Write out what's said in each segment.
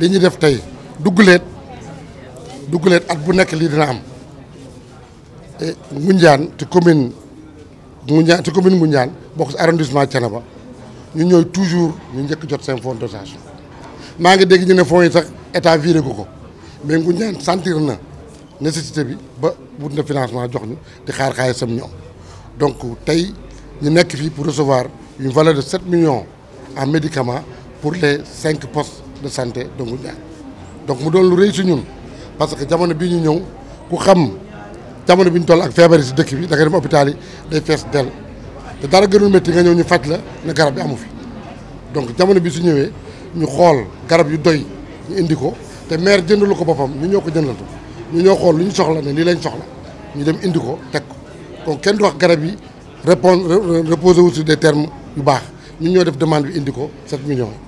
Nous def tay Nous at bu dina am te commune te commune bokk toujours ñu jot fonds de ñu yi nous état viré mais sentir na nécessité bi ba financement jox ñu di donc ñu pour recevoir une valeur de 7 millions en médicaments pour les cinq postes de santé de Ngoundiane donc mu doon lu rëy si ñun parce que jamono bii ñu ñëw ku xam jamono bi ñu toll ak feebar yi si dëkk bi da nga dem hôpital yi day fees dell te dara gënul métti nga ñëw ñu faj la ne garab bi amu fi donc jamono bi su ñëwee ñu xool garab yu doy ñu indi ko te maire jëndalu ko boppam ñu ñëw ko jëndaltu ñu ñoo xool lu ñu soxla ne lii lañ soxla ñu dem indi ko teg ko kon kenn du wax garab yi répondre reposé wu sur des termes yu baax ñu ñoo def demande bi indi ko 7 millions yi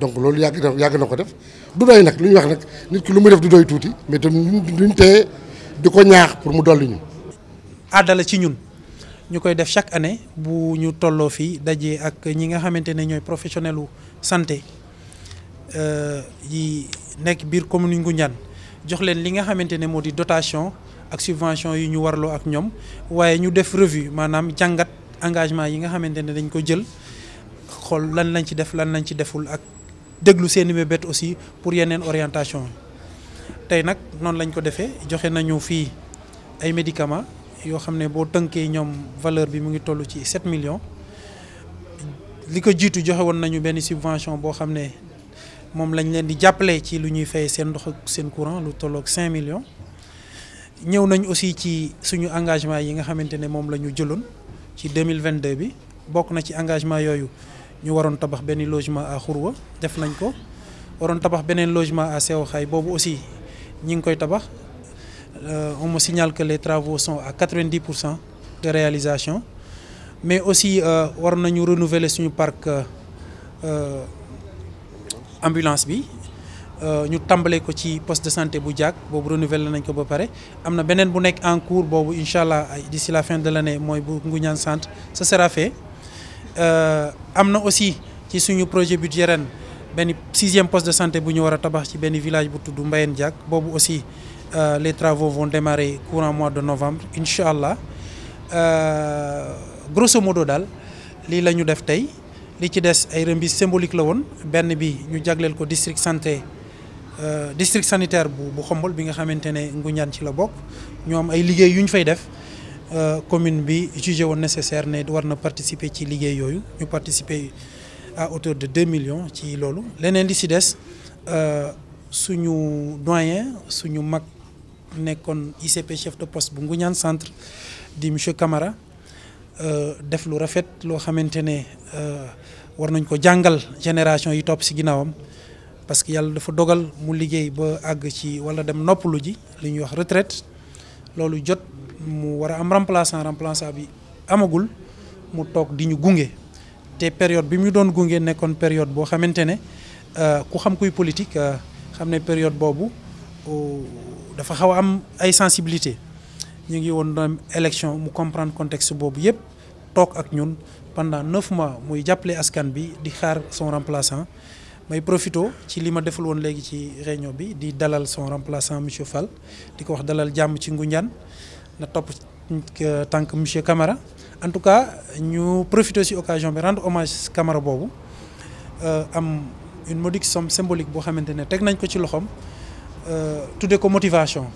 donc loolu yàgg na yàgg na ko def du doy nag lu ñu wax nag nit ki lu muy def du doy tuuti mais tam duñ tee di ñaax pour mu dolli ñu. àddala ci ñun ñu def chaque année bu ñu tolloo fii dajee ak ñi nga xamante ne ñooy professionnel u santé euh, yi nekk biir commune Ngoundiane jox leen li nga xamante ne dotation ak subvention yi ñu warloo ak ñoom waaye ñu def revue maanaam jàngat engagement yi nga xamante ne dañ ko jël xool lan lañ ci def lan lañ ci deful ak. déglu seen i mébét aussi pour yeneen orientation tey nag noonu lañ ko defee joxe nañu fii ay médicament yoo xam ne boo tënkee ñoom valeur bi mu ngi toll ci 7 millions li ko jiitu joxe woon nañu benn subvention boo xam ne moom lañ leen di jàppale ci lu ñuy fay seen ndox ak seen courant lu tolloog 5 millions ñëw nañ aussi ci suñu engagement yi nga xamante ne moom la ñu jëloon ci 2022 bi bokk na ci engagement yooyu Nous avons tabax benn logement à Khourwa, def nañ ko waroon tabax benen logement à Sew Xay aussi ñi ngi koy tabax euh, on me signale que les travaux sont à 90 de réalisation mais aussi euh, war nañu renouveler suñu parc euh, ambulance bi ñu tambalé ko ci poste de santé bu Diak bobu renouveler nañ ko ba paré amna benen bu en cours bobu inshallah d'ici la fin de l'année moy bu centre ce sera fait euh, am na aussi ci suñu projet budget ren 6 sixième poste de santé bu ñu wara tabax ci ben village bu tuddu Mbayeen Diak bobu aussi euh, les travaux vont démarrer courant mois de novembre Inshallah. euh, grosso modo dal li lañu def tay li ci dess ay remises symboliques la won ben bi ñu jagleel ko district santé euh, district sanitaire bu bu xombol bi nga xamantene ne Ngoundiane ci la bokk ñoom ay liguey yuñ fay def. Euh, commune bi jugé woon nécessaire ne war na participer ci liggéey yooyu ñu participer à hauteur de deux millions ci loolu leneen di si des euh, suñu doyen suñu mag nekkoon ICP chef de post bu ñaan centre di monsieur Camara euh, def lu rafet loo xamante ne war nañ ko jàngal génération yi topp si ginnaawam parce que yàlla dafa dogal mu liggéey ba àgg ci wala dem noppalu ji li ñuy wax retraite loolu jot mu wara am remplaçant remplaçant bi amagul mu tok di ñu gunge te période bi mu doon gunge nekkoon période bo xamante euh ku xam kuy politique euh, xamné période bobu euh, dafa xaw am ay sensibilité ñu ngi won doon élection mu comprendre contexte bobu yépp tok ak ñun pendant 9 mois muy jappelé askan bi di xaar son remplaçant may profito ci lima deful won léegi ci réunion bi di dalal son remplaçant monsieur Fall di koh wax dalal jamm ci Ngoundiane na topp euh, tànk monsieur Camara en tout cas ñu profité ci occasion bi rendre hommage Camara boobu euh, am une modique somme symbolique boo xamante ne teg nañ ko ci loxoom euh, tuddee ko motivation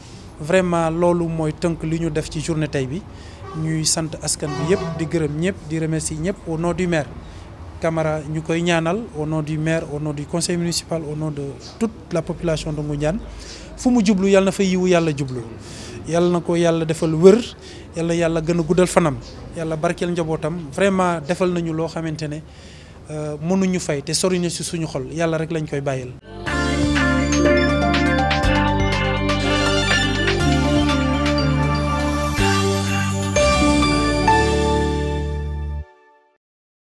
vraiment loolu mooy tënk li ñu def ci journée tey bi ñuy sant askan bi yëpp di gërëm ñëpp di remercier ñëpp au nom du maire Camara ñu koy ñaanal au nom du maire au nom du conseil municipal au nom toute la population de Ngoundiane fu mu jublu yàlla na fa yiwu yàlla jublu yàlla na ko yàlla defal wër yàlla yàlla gën a guddal fanam yàlla barkeel njabootam vraiment defal nañu loo xamante ne euh, mënuñu fay te sori si suñu xol yàlla rek lañ koy bàyyil